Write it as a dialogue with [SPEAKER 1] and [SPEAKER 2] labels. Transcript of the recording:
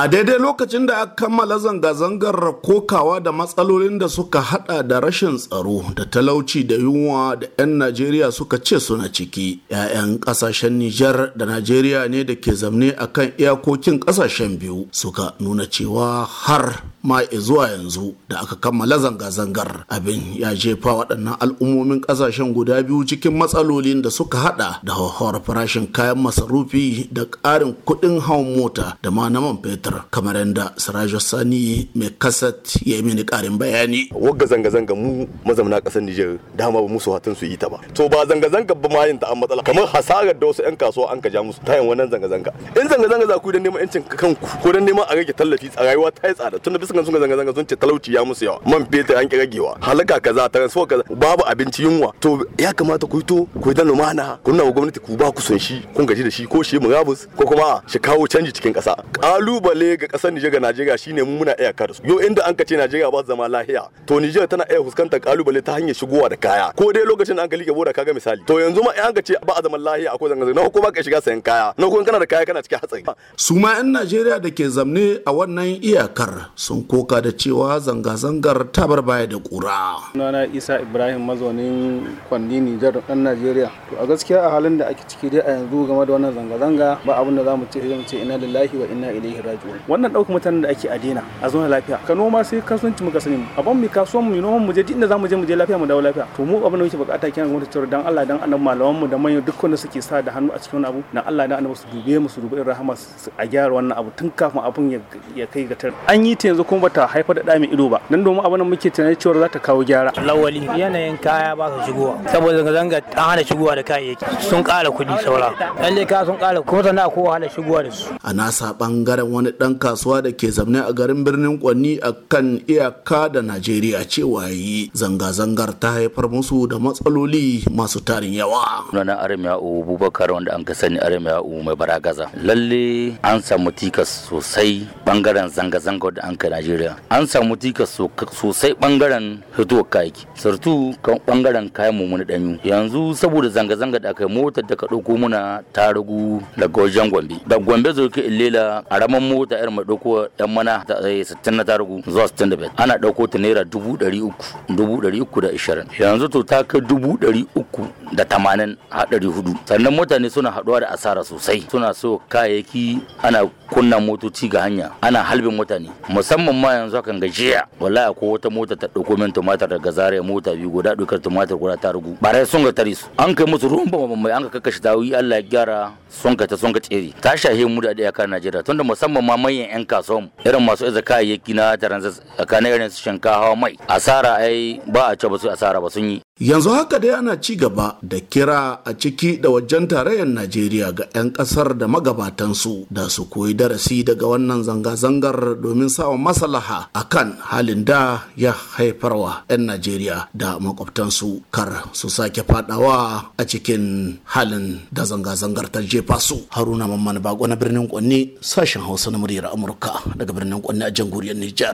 [SPEAKER 1] a daidai lokacin da aka kammala zanga-zangar kokawa da matsalolin da suka hada da rashin tsaro da talauci da yunwa da 'yan najeriya suka ce suna ciki 'ya'yan kasashen nijar da najeriya ne da ke zamne akan iyakokin kasashen biyu suka nuna cewa har ma zuwa yanzu da aka kammala zanga-zangar abin ya jefa waɗannan al'ummomin ƙasashen guda biyu cikin matsalolin da suka hada da hauhawar farashin kayan masarufi da ƙarin kuɗin hawan mota da ma na man fetur kamar yadda sirajo sani mai kasat ya yi mini ƙarin
[SPEAKER 2] bayani wagga zanga-zanga mu mazauna ƙasar nijar dama ba musu hatan su yi ta ba to ba zanga-zanga ba ma yin ta an matsala kamar hasarar da wasu 'yan kasuwa an ka ja musu tayin wannan zanga-zanga in zanga-zanga za ku don neman 'yancin kanku ko don neman a rage tallafi a rayuwa ta yi tsada tun da bisa wannan suka zanga-zanga sun ce talauci ya musu yawa man fetur an kira gewa halaka kaza so kaza babu abinci yunwa to ya kamata ku to ku da lumana ku na gwamnati ku ba ku son shi kun gaji da shi ko shi murabus ko kuma shi kawo canji cikin kasa. kalubale ga kasar Niger ga Najeriya shine mu muna iya karsu yo inda an kace Najeriya ba zama lahiya to Niger tana iya fuskantar kalubale ta hanyar shigowa da kaya ko dai lokacin da an kalike boda kaga misali to yanzu ma an kace ba a zaman lahiya akwai zanga-zanga na hukuma ka shiga sayan kaya na hukuma kana da kaya kana cikin hatsari
[SPEAKER 1] su ma 'yan Najeriya da ke zamne a wannan iyakar sun sun koka da cewa zanga-zangar ta bar baya da kura. Sunana Isa Ibrahim mazaunin Kwandi Nijar dan Najeriya. To a gaskiya a halin da ake ciki dai a yanzu game da wannan zanga-zanga ba abin da zamu ce zamu ce inna lillahi wa inna ilaihi raji'un. Wannan ɗaukar mutanen da ake a dina a zauna lafiya. Ka noma sai kasuwanci muka sani. Abin mu kasuwan mu noman mu je duk inda zamu je mu je lafiya mu dawo lafiya. To mu abin da muke bukata kenan gwamnati ta dan Allah dan annabi malaman mu da manyan duk wanda suke sa da hannu a cikin abu na Allah dan annabi su dube mu su dubi rahama a gyara wannan abu tun kafin abin ya kai ga tar. An yi ta yanzu kuma bata haifar da ɗa mai ido ba dan domin abin da muke tunanin cewa za ta kawo
[SPEAKER 3] gyara lawali yanayin kaya ba su shigowa saboda zanga an hana shigowa da kayayyaki sun ƙara kuɗi saura lalle ka sun ƙara kuma sana ko hana shigowa da su
[SPEAKER 1] a nasa bangaren wani dan kasuwa da ke zamne a garin birnin Kwanni a kan iyaka da Najeriya cewa yi
[SPEAKER 3] zanga-zangar ta haifar musu da matsaloli masu tarin yawa. Sunana Aramiya'u Bubakar wanda an ka sani Aramiya'u mai baragaza. Lalle an samu tikas sosai bangaren zanga-zanga da an kai Najeriya an samu tika sosai bangaren hito kayaki sartu kan bangaren kayan mu na danyu yanzu saboda zanga-zanga da aka motar da ka ɗauko muna ta ragu daga wajen Gombe da Gombe zo ke illela a raman mota irin mai dauko yan mana ta eh, tsaye 60 na ta ragu zuwa 65 ana dauko ta naira 300 320 yanzu to ta kai tamanin a hudu. sannan mutane suna haɗuwa da asara sosai suna so kayayyaki ana kunna motoci ga hanya ana halbin mutane musamman musamman ma yanzu hakan gajiya wallahi ko wata mota ta dauko min tumatir daga zaria mota biyu guda dukar tumatir guda ta rugu bare sun ga tare an kai musu ruwan bamba mai an ka kakkashi tawi Allah ya gyara sun ka ta sun ka tsere ta shahe mu da iyakar Najeriya tunda musamman ma manyan yan kasuwan irin masu iza kayayyaki na taransa tsakanin irin shinkafa mai asara ai ba a ce ba su asara ba sun yi
[SPEAKER 1] Yanzu haka dai ana ci gaba da kira a ciki da wajen tarayyar Najeriya ga 'yan kasar da magabatansu da su koyi darasi daga wannan zanga-zangar domin sawa masalaha a kan halin da ya haifarwa 'yan Najeriya da makwabtansu kar su sake fadawa a cikin halin da zanga-zangar ta jefa su. Haruna Mamman Bago na birnin Kwanne sashen Hausa na muryar Amurka daga birnin Kwanne a jamhuriyar Nijar.